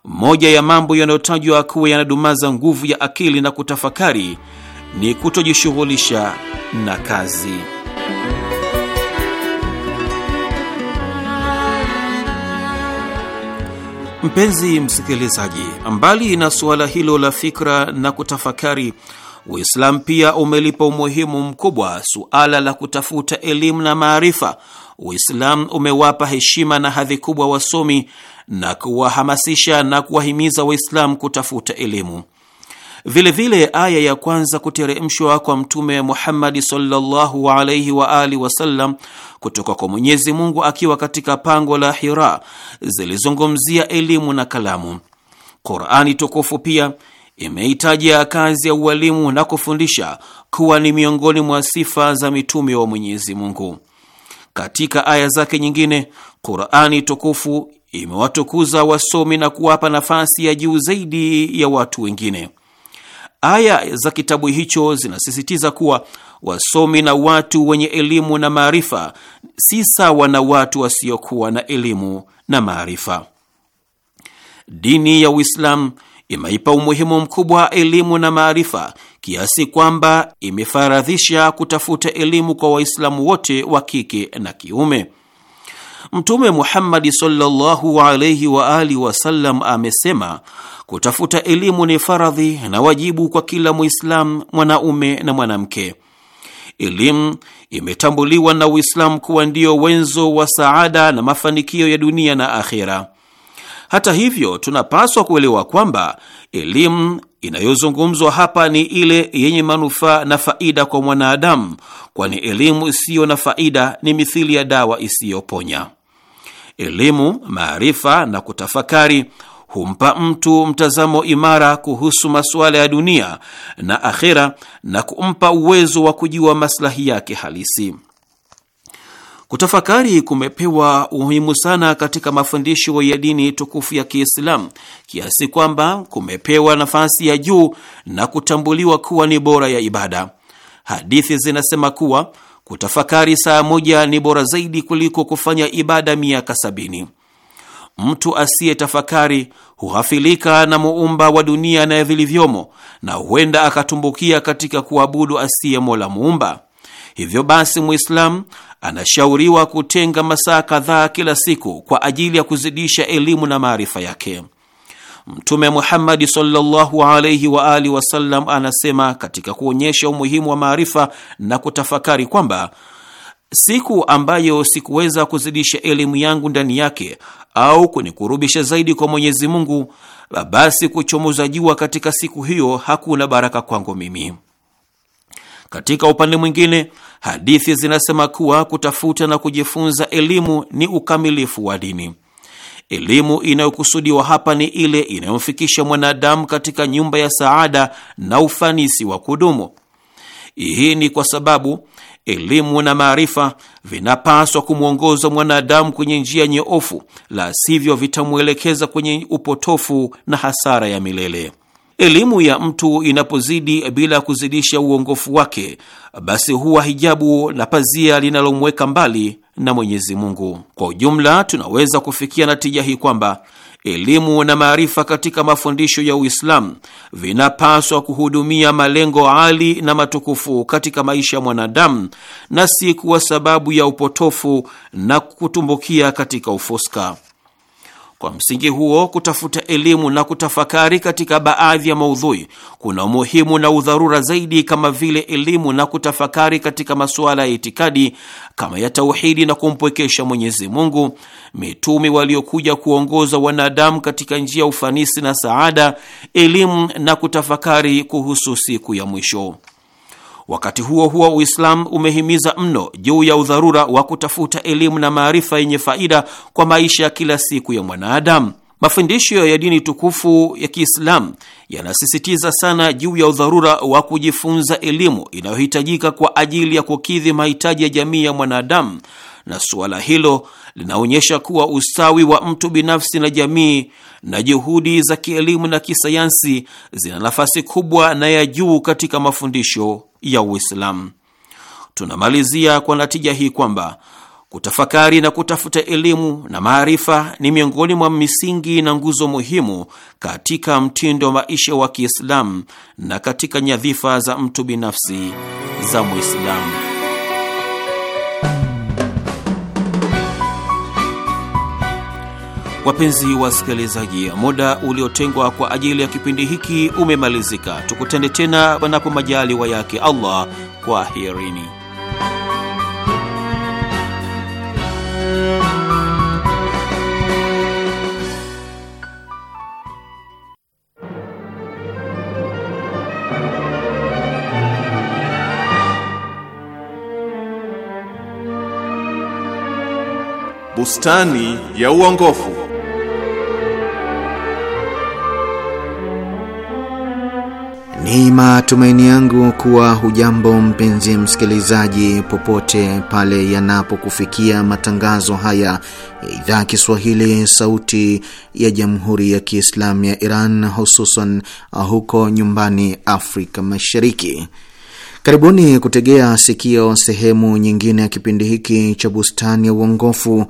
Moja ya mambo yanayotajwa kuwa yanadumaza nguvu ya akili na kutafakari ni kutojishughulisha na kazi. Mpenzi msikilizaji, mbali na suala hilo la fikra na kutafakari, Uislamu pia umelipa umuhimu mkubwa suala la kutafuta elimu na maarifa. Uislamu umewapa heshima na hadhi kubwa wasomi na kuwahamasisha na kuwahimiza Waislamu kutafuta elimu. Vilevile aya ya kwanza kuteremshwa kwa Mtume Muhammadi sallallahu alaihi wa alihi wasallam kutoka kwa Mwenyezi Mungu akiwa katika pango la Hira zilizungumzia elimu na kalamu. Qurani tukufu pia imeitaja kazi ya ualimu na kufundisha kuwa ni miongoni mwa sifa za mitume wa Mwenyezi Mungu. Katika aya zake nyingine, Qurani tukufu imewatukuza wasomi na kuwapa nafasi ya juu zaidi ya watu wengine. Aya za kitabu hicho zinasisitiza kuwa wasomi na watu wenye elimu na maarifa si sawa na watu wasiokuwa na elimu na maarifa. Dini ya Uislamu imeipa umuhimu mkubwa elimu na maarifa kiasi kwamba imefaradhisha kutafuta elimu kwa Waislamu wote wa kike na kiume. Mtume Muhammadi sallallahu alaihi wa alihi wasallam amesema, kutafuta elimu ni faradhi na wajibu kwa kila Muislamu, mwanaume na mwanamke. Elimu imetambuliwa na Uislamu kuwa ndiyo wenzo wa saada na mafanikio ya dunia na akhera. Hata hivyo, tunapaswa kuelewa kwamba elimu inayozungumzwa hapa ni ile yenye manufaa na faida kwa mwanadamu, kwani elimu isiyo na faida ni mithili ya dawa isiyoponya. Elimu, maarifa na kutafakari humpa mtu mtazamo imara kuhusu masuala ya dunia na akhira na kumpa uwezo wa kujua maslahi yake halisi. Kutafakari kumepewa umuhimu sana katika mafundisho ya dini tukufu ya Kiislamu kiasi kwamba kumepewa nafasi ya juu na kutambuliwa kuwa ni bora ya ibada. Hadithi zinasema kuwa Kutafakari saa moja ni bora zaidi kuliko kufanya ibada miaka sabini. Mtu asiyetafakari hughafilika na muumba wa dunia na vilivyomo, na huenda akatumbukia katika kuabudu asiye mola muumba. Hivyo basi, Muislamu anashauriwa kutenga masaa kadhaa kila siku kwa ajili ya kuzidisha elimu na maarifa yake. Mtume Muhammadi sallallahu alaihi wa alihi wasallam anasema katika kuonyesha umuhimu wa maarifa na kutafakari kwamba siku ambayo sikuweza kuzidisha elimu yangu ndani yake au kunikurubisha zaidi kwa Mwenyezi Mungu, basi kuchomoza jua katika siku hiyo hakuna baraka kwangu mimi. Katika upande mwingine, hadithi zinasema kuwa kutafuta na kujifunza elimu ni ukamilifu wa dini. Elimu inayokusudiwa hapa ni ile inayomfikisha mwanadamu katika nyumba ya saada na ufanisi wa kudumu. Hii ni kwa sababu elimu na maarifa vinapaswa kumwongoza mwanadamu kwenye njia nyeofu la sivyo vitamwelekeza kwenye upotofu na hasara ya milele. Elimu ya mtu inapozidi bila kuzidisha uongofu wake, basi huwa hijabu na pazia linalomweka mbali na Mwenyezi Mungu. Kwa ujumla, tunaweza kufikia natija hii kwamba elimu na maarifa katika mafundisho ya Uislamu vinapaswa kuhudumia malengo ali na matukufu katika maisha ya mwanadamu na si kuwa sababu ya upotofu na kutumbukia katika ufuska. Kwa msingi huo, kutafuta elimu na kutafakari katika baadhi ya maudhui kuna umuhimu na udharura zaidi, kama vile elimu na kutafakari katika masuala ya itikadi kama ya tauhidi na kumpwekesha Mwenyezi Mungu, mitume waliokuja kuongoza wanadamu katika njia ya ufanisi na saada, elimu na kutafakari kuhusu siku ya mwisho. Wakati huo huo, Uislamu umehimiza mno juu ya udharura wa kutafuta elimu na maarifa yenye faida kwa maisha ya kila siku ya mwanadamu. Mafundisho ya dini tukufu ya Kiislamu yanasisitiza sana juu ya udharura wa kujifunza elimu inayohitajika kwa ajili ya kukidhi mahitaji ya jamii ya mwanadamu na suala hilo linaonyesha kuwa ustawi wa mtu binafsi na jamii na juhudi za kielimu na kisayansi zina nafasi kubwa na ya juu katika mafundisho ya Uislamu. Tunamalizia kwa natija hii kwamba kutafakari na kutafuta elimu na maarifa ni miongoni mwa misingi na nguzo muhimu katika mtindo wa maisha wa Kiislamu na katika nyadhifa za mtu binafsi za Mwislamu. Wapenzi wasikilizaji, muda uliotengwa kwa ajili ya kipindi hiki umemalizika. Tukutane tena panapo majaliwa yake Allah. Kwaherini. Bustani ya Uongofu. Ni matumaini yangu kuwa hujambo mpenzi msikilizaji, popote pale yanapokufikia matangazo haya ya idhaa Kiswahili sauti ya jamhuri ya Kiislamu ya Iran, hususan uh, huko nyumbani Afrika Mashariki. Karibuni kutegea sikio sehemu nyingine ya kipindi hiki cha Bustani ya Uongofu,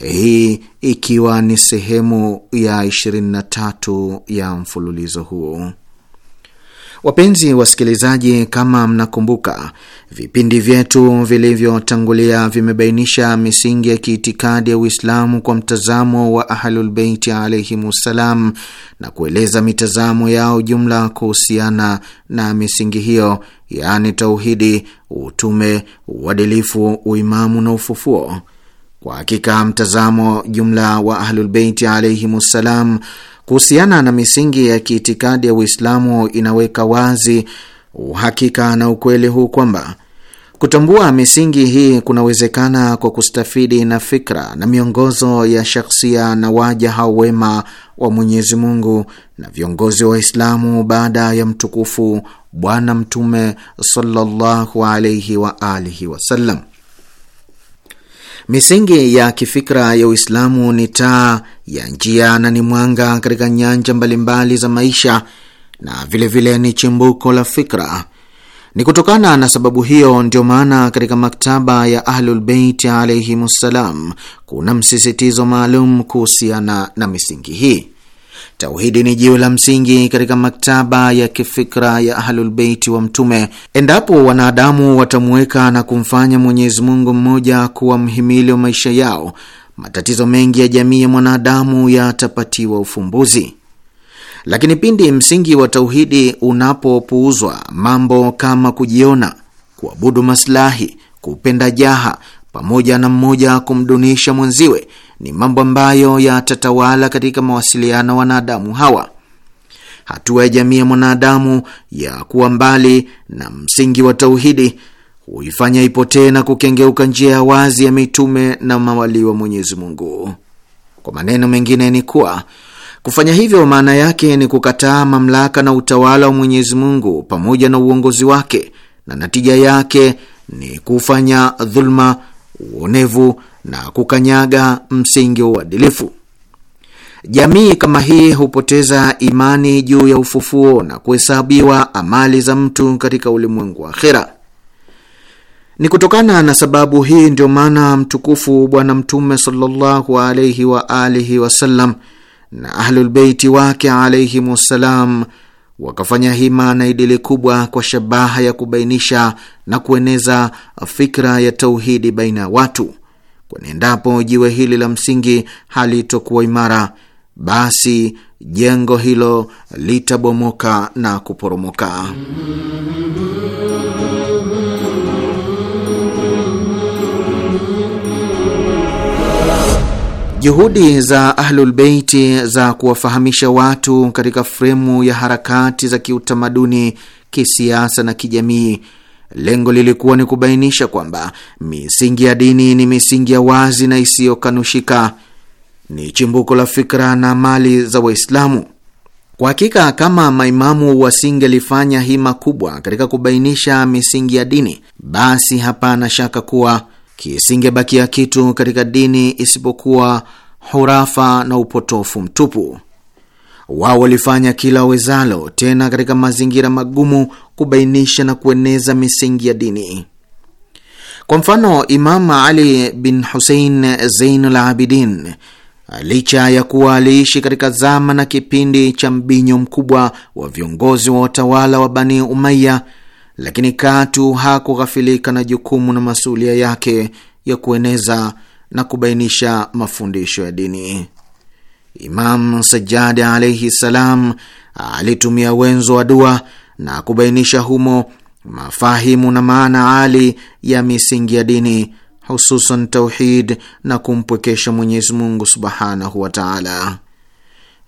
eh, hii ikiwa ni sehemu ya 23 ya mfululizo huu. Wapenzi wasikilizaji, kama mnakumbuka, vipindi vyetu vilivyotangulia vimebainisha misingi ya kiitikadi ya Uislamu kwa mtazamo wa Ahlulbeiti ssalam na kueleza mitazamo yao jumla kuhusiana na misingi hiyo, yaani tauhidi, utume, uadilifu, uimamu na ufufuo. Kwa hakika mtazamo jumla wa Ahlulbeiti ssalam kuhusiana na misingi ya kiitikadi ya Uislamu inaweka wazi uhakika na ukweli huu kwamba kutambua misingi hii kunawezekana kwa kustafidi na fikra na miongozo ya shakhsia na waja hao wema wa Mwenyezi Mungu na viongozi wa Waislamu baada ya mtukufu Bwana Mtume sallallahu alaihi wa alihi wasallam. Misingi ya kifikra ya Uislamu ni taa ya njia na ni mwanga katika nyanja mbalimbali za maisha na vilevile vile ni chimbuko la fikra. Ni kutokana na sababu hiyo ndio maana katika maktaba ya Ahlulbeiti alaihimussalam kuna msisitizo maalum kuhusiana na misingi hii. Tauhidi ni jiwe la msingi katika maktaba ya kifikra ya Ahlulbeiti wa Mtume. Endapo wanadamu watamuweka na kumfanya Mwenyezi Mungu mmoja kuwa mhimili wa maisha yao matatizo mengi ya jamii ya mwanadamu yatapatiwa ufumbuzi. Lakini pindi msingi wa tauhidi unapopuuzwa, mambo kama kujiona, kuabudu masilahi kupenda jaha pamoja na mmoja kumdunisha mwenziwe ni mambo ambayo yatatawala katika mawasiliano wanadamu hawa. Hatua ya jamii ya mwanadamu ya kuwa mbali na msingi wa tauhidi huifanya ipotee na kukengeuka njia ya wazi ya mitume na mawalii wa Mwenyezi Mungu. Kwa maneno mengine ni kuwa kufanya hivyo maana yake ni kukataa mamlaka na utawala wa Mwenyezi Mungu pamoja na uongozi wake, na natija yake ni kufanya dhuluma, uonevu na kukanyaga msingi wa uadilifu. Jamii kama hii hupoteza imani juu ya ufufuo na kuhesabiwa amali za mtu katika ulimwengu wa akhera. Ni kutokana na sababu hii ndio maana mtukufu Bwana Mtume sallallahu alaihi wa alihi wasallam na Ahlulbeiti wake wassalam wakafanya hima na idili kubwa kwa shabaha ya kubainisha na kueneza fikra ya tauhidi baina ya watu, kwani endapo jiwe hili la msingi halitokuwa imara, basi jengo hilo litabomoka na kuporomoka. Juhudi za Ahlulbeiti za kuwafahamisha watu katika fremu ya harakati za kiutamaduni, kisiasa na kijamii, lengo lilikuwa ni kubainisha kwamba misingi ya dini ni misingi ya wazi na isiyokanushika, ni chimbuko la fikra na mali za Waislamu. Kwa hakika kama maimamu wasingelifanya hima kubwa katika kubainisha misingi ya dini, basi hapana shaka kuwa kisingebakia kitu katika dini isipokuwa hurafa na upotofu mtupu. Wao walifanya kila wezalo, tena katika mazingira magumu, kubainisha na kueneza misingi ya dini. Kwa mfano, Imam Ali bin Husein Zeinul Abidin, licha ya kuwa aliishi katika zama na kipindi cha mbinyo mkubwa wa viongozi wa watawala wa Bani Umaya, lakini katu hakughafilika na jukumu na masuulia yake ya kueneza na kubainisha mafundisho ya dini. Imam Sajadi alaihi salam alitumia wenzo wa dua na kubainisha humo mafahimu na maana ali ya misingi ya dini, hususan tauhid na kumpwekesha Mwenyezi Mungu subhanahu wa taala.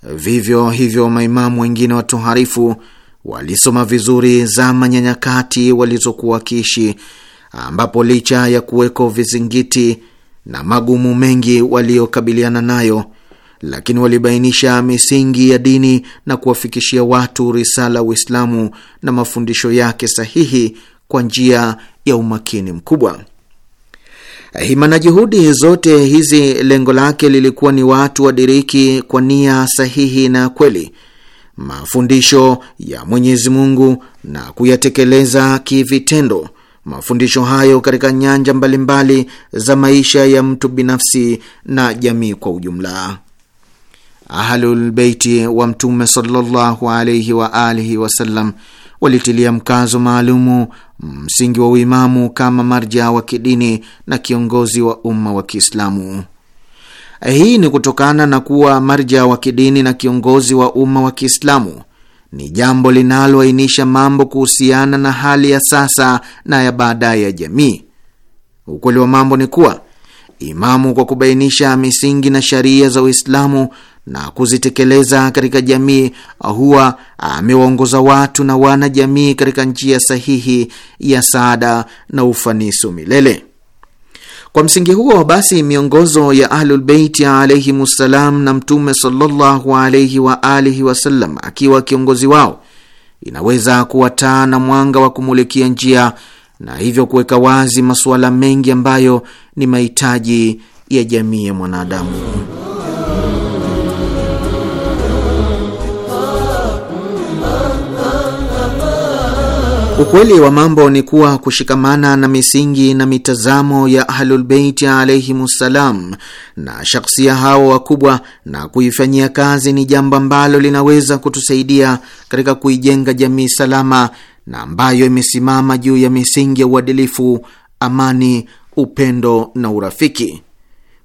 Vivyo hivyo maimamu wengine watuharifu walisoma vizuri zama nyanyakati walizokuwa wakiishi, ambapo licha ya kuweko vizingiti na magumu mengi waliokabiliana nayo, lakini walibainisha misingi ya dini na kuwafikishia watu risala Uislamu na mafundisho yake sahihi kwa njia ya umakini mkubwa. Hima na juhudi zote hizi lengo lake lilikuwa ni watu wadiriki kwa nia sahihi na kweli mafundisho ya Mwenyezi Mungu na kuyatekeleza kivitendo mafundisho hayo katika nyanja mbalimbali za maisha ya mtu binafsi na jamii kwa ujumla. Ahlulbeiti wa Mtume sallallahu alaihi wa alihi wasallam walitilia mkazo maalumu msingi wa uimamu kama marja wa kidini na kiongozi wa umma wa Kiislamu. Hii ni kutokana na kuwa marja wa kidini na kiongozi wa umma wa Kiislamu ni jambo linaloainisha mambo kuhusiana na hali ya sasa na ya baadaye ya jamii. Ukweli wa mambo ni kuwa imamu, kwa kubainisha misingi na sharia za Uislamu na kuzitekeleza katika jamii, huwa amewaongoza watu na wanajamii katika njia sahihi ya saada na ufanisi milele. Kwa msingi huo basi, miongozo ya Ahlulbeiti alaihimussalam na Mtume sallallahu alaihi wa alihi wasallam akiwa kiongozi wao inaweza kuwa taa na mwanga wa kumulikia njia na hivyo kuweka wazi masuala mengi ambayo ni mahitaji ya jamii ya mwanadamu. Ukweli wa mambo ni kuwa kushikamana na misingi na mitazamo ya Ahlulbeiti alaihimussalam na shakhsia hao wakubwa na kuifanyia kazi ni jambo ambalo linaweza kutusaidia katika kuijenga jamii salama na ambayo imesimama juu ya misingi ya uadilifu, amani, upendo na urafiki.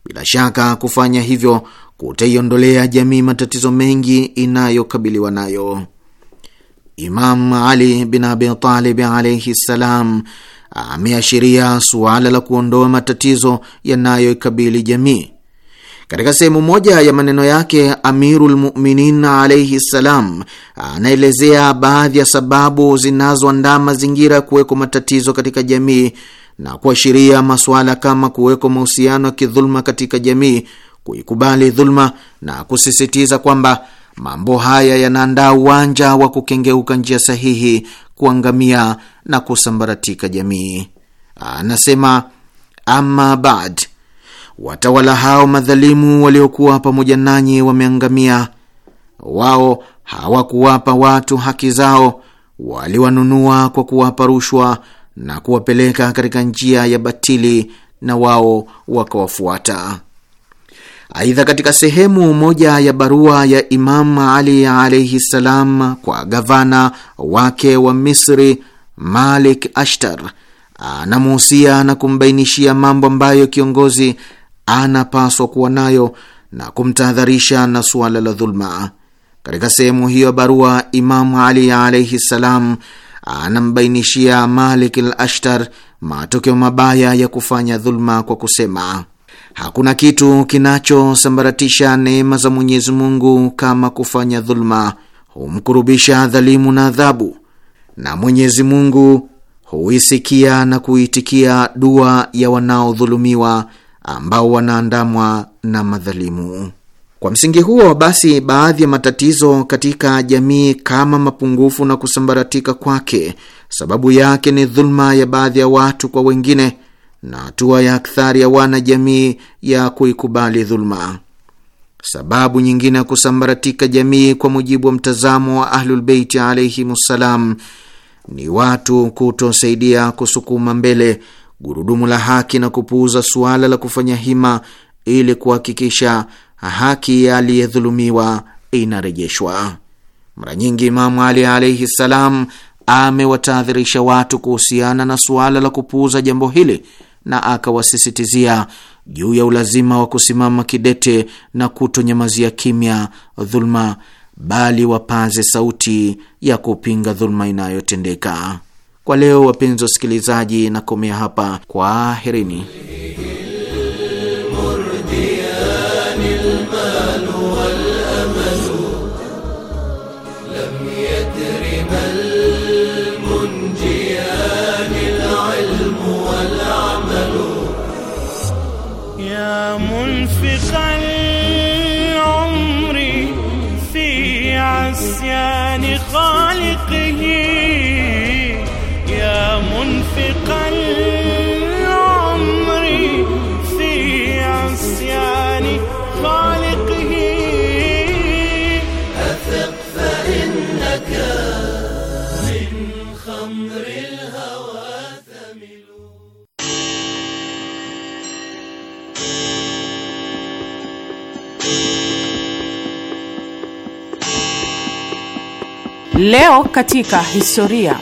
Bila shaka kufanya hivyo kutaiondolea jamii matatizo mengi inayokabiliwa nayo. Imam Ali bin Abi Talib alaihi ssalam ameashiria suala la kuondoa matatizo yanayoikabili jamii. Katika sehemu moja ya maneno yake, Amirul Muminin alaihi ssalam anaelezea baadhi ya sababu zinazoandaa mazingira ya kuweko matatizo katika jamii na kuashiria masuala kama kuweko mahusiano ya kidhuluma katika jamii, kuikubali dhuluma na kusisitiza kwamba Mambo haya yanaandaa uwanja wa kukengeuka njia sahihi, kuangamia na kusambaratika jamii. Anasema, ama bad watawala hao madhalimu waliokuwa pamoja nanyi wameangamia. Wao hawakuwapa watu haki zao, waliwanunua kwa kuwapa rushwa na kuwapeleka katika njia ya batili, na wao wakawafuata. Aidha, katika sehemu moja ya barua ya Imam Ali alaihi ssalam kwa gavana wake wa Misri Malik Ashtar, anamuhusia na kumbainishia mambo ambayo kiongozi anapaswa kuwa nayo na kumtahadharisha na suala la dhulma. Katika sehemu hiyo ya barua, Imamu Ali alaihi ssalam anambainishia Malik al Ashtar matokeo mabaya ya kufanya dhulma kwa kusema Hakuna kitu kinachosambaratisha neema za Mwenyezi Mungu kama kufanya dhuluma, humkurubisha dhalimu na adhabu, na Mwenyezi Mungu huisikia na kuitikia dua ya wanaodhulumiwa ambao wanaandamwa na madhalimu. Kwa msingi huo basi, baadhi ya matatizo katika jamii kama mapungufu na kusambaratika kwake, sababu yake ni dhuluma ya baadhi ya watu kwa wengine na hatua ya akthari ya wanajamii ya kuikubali dhuluma. Sababu nyingine ya kusambaratika jamii kwa mujibu wa mtazamo wa Ahlulbeiti ssalam ni watu kutosaidia kusukuma mbele gurudumu la haki na kupuuza suala la kufanya hima ili kuhakikisha haki ya aliyedhulumiwa inarejeshwa. Mara nyingi Imamu Ali alaihi ssalam amewatahadhirisha watu kuhusiana na suala la kupuuza jambo hili na akawasisitizia juu ya ulazima wa kusimama kidete na kutonyamazia kimya dhuluma, bali wapaze sauti ya kupinga dhuluma inayotendeka. Kwa leo, wapenzi wasikilizaji, nakomea hapa. Kwaherini. نسيان خالقي Leo katika historia.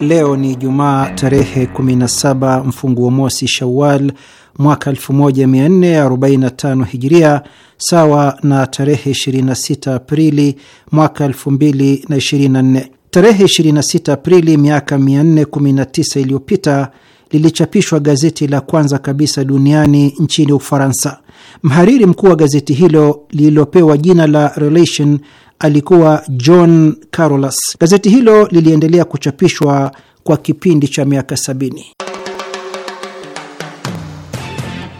Leo ni Jumaa tarehe 17 mfunguo mosi Shawal mwaka 1445 Hijiria, sawa na tarehe 26 Aprili mwaka 2024. Tarehe 26 Aprili miaka 419 iliyopita lilichapishwa gazeti la kwanza kabisa duniani nchini Ufaransa. Mhariri mkuu wa gazeti hilo lililopewa jina la Relation alikuwa John Carolus. Gazeti hilo liliendelea kuchapishwa kwa kipindi cha miaka sabini.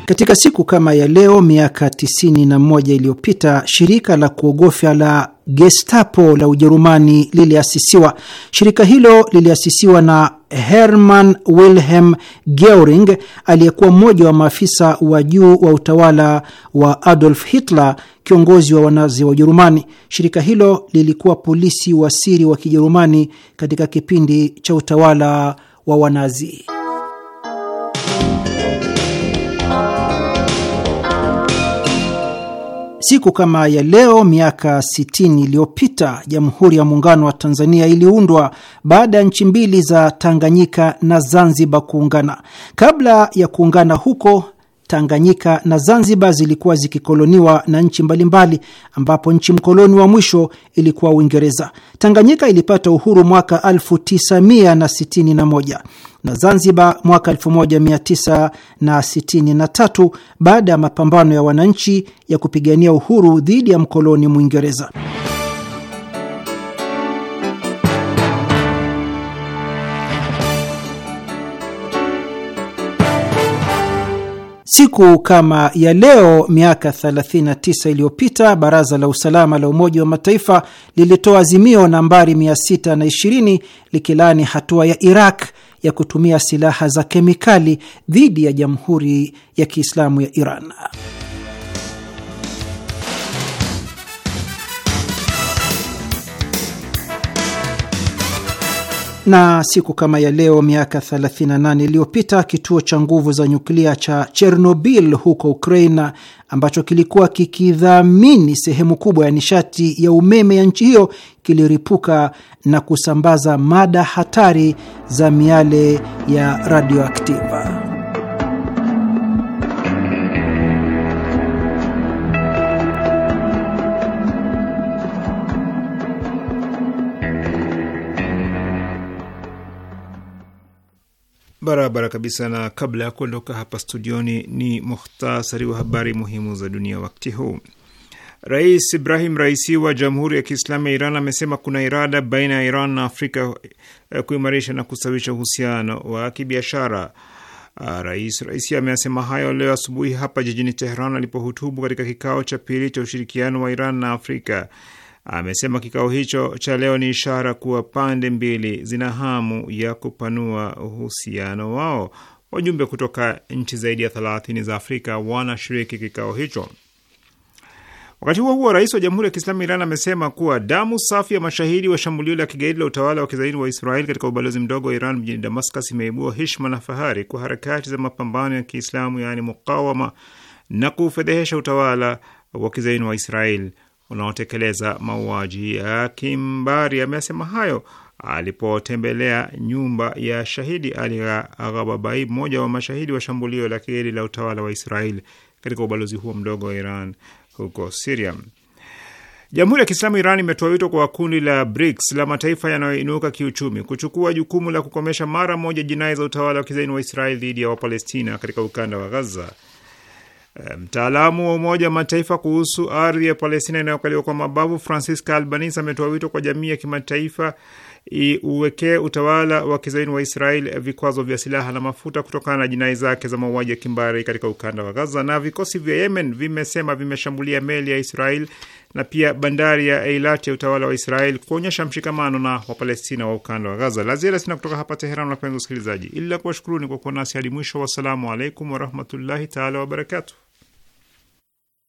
Katika siku kama ya leo miaka 91 iliyopita shirika la kuogofya la Gestapo la Ujerumani liliasisiwa. Shirika hilo liliasisiwa na Hermann Wilhelm Goering aliyekuwa mmoja wa maafisa wa juu wa utawala wa Adolf Hitler, kiongozi wa wanazi wa Ujerumani. Shirika hilo lilikuwa polisi wa siri wa Kijerumani katika kipindi cha utawala wa wanazi. Siku kama ya leo miaka 60 iliyopita Jamhuri ya Muungano wa Tanzania iliundwa baada ya nchi mbili za Tanganyika na Zanzibar kuungana. Kabla ya kuungana huko, Tanganyika na Zanzibar zilikuwa zikikoloniwa na nchi mbalimbali, ambapo nchi mkoloni wa mwisho ilikuwa Uingereza. Tanganyika ilipata uhuru mwaka 1961 na Zanzibar mwaka 1963 baada ya mapambano ya wananchi ya kupigania uhuru dhidi ya mkoloni Mwingereza. Siku kama ya leo miaka 39 iliyopita Baraza la Usalama la Umoja wa Mataifa lilitoa azimio nambari 620 likilaani hatua ya Iraq ya kutumia silaha za kemikali dhidi ya Jamhuri ya Kiislamu ya Iran. Na siku kama ya leo miaka 38 iliyopita kituo cha nguvu za nyuklia cha Chernobyl huko Ukraina, ambacho kilikuwa kikidhamini sehemu kubwa ya nishati ya umeme ya nchi hiyo, kiliripuka na kusambaza mada hatari za miale ya radioaktiva. barabara kabisa. Na kabla ya kuondoka hapa studioni, ni muhtasari wa habari muhimu za dunia wakati huu. Rais Ibrahim Raisi wa Jamhuri ya Kiislamu ya Iran amesema kuna irada baina ya Iran na Afrika eh, kuimarisha na kustawisha uhusiano wa kibiashara. Ah, Rais Raisi amesema hayo leo asubuhi hapa jijini teheran alipohutubu katika kikao cha pili cha ushirikiano wa Iran na Afrika amesema kikao hicho cha leo ni ishara kuwa pande mbili zina hamu ya kupanua uhusiano wao. Wajumbe kutoka nchi zaidi ya thelathini za Afrika wanashiriki kikao hicho. Wakati huo huo, rais wa Jamhuri ya Kiislamu Iran amesema kuwa damu safi ya mashahidi wa shambulio la kigaidi la utawala wa kizaini wa Israeli katika ubalozi mdogo wa Iran mjini Damascus imeibua hishma na fahari kwa harakati za mapambano ya Kiislamu, yaani mukawama, na kuufedhehesha utawala wa kizaini wa Israeli unaotekeleza mauaji ya kimbari. Amesema hayo alipotembelea nyumba ya shahidi Ali Ghababai, mmoja wa mashahidi wa shambulio la kigaidi la utawala wa Israeli katika ubalozi huo mdogo wa Iran huko Siria. Jamhuri ya Kiislamu Iran imetoa wito kwa kundi la BRICS la mataifa yanayoinuka kiuchumi kuchukua jukumu la kukomesha mara moja jinai za utawala wa kizaini wa Israeli dhidi ya Wapalestina katika ukanda wa Gaza. Eh, mtaalamu wa Umoja wa Mataifa kuhusu ardhi ya Palestina inayokaliwa kwa mabavu Francisca Albanese ametoa wito kwa jamii ya kimataifa iuwekee utawala wa kizaini wa Israel vikwazo vya silaha na mafuta kutokana na jinai zake za mauaji ya kimbari katika ukanda wa Gaza. Na vikosi vya Yemen vimesema vimeshambulia meli ya Israel na pia bandari ya Eilat ya utawala wa Israel kuonyesha mshikamano na Wapalestina wa ukanda wa Gaza. La ziada sina kutoka hapa Teheran, wapenzi wasikilizaji, ila kuwashukuruni kwa kuwa nasi hadi mwisho. Wassalamu alaikum warahmatullahi taala wabarakatuh.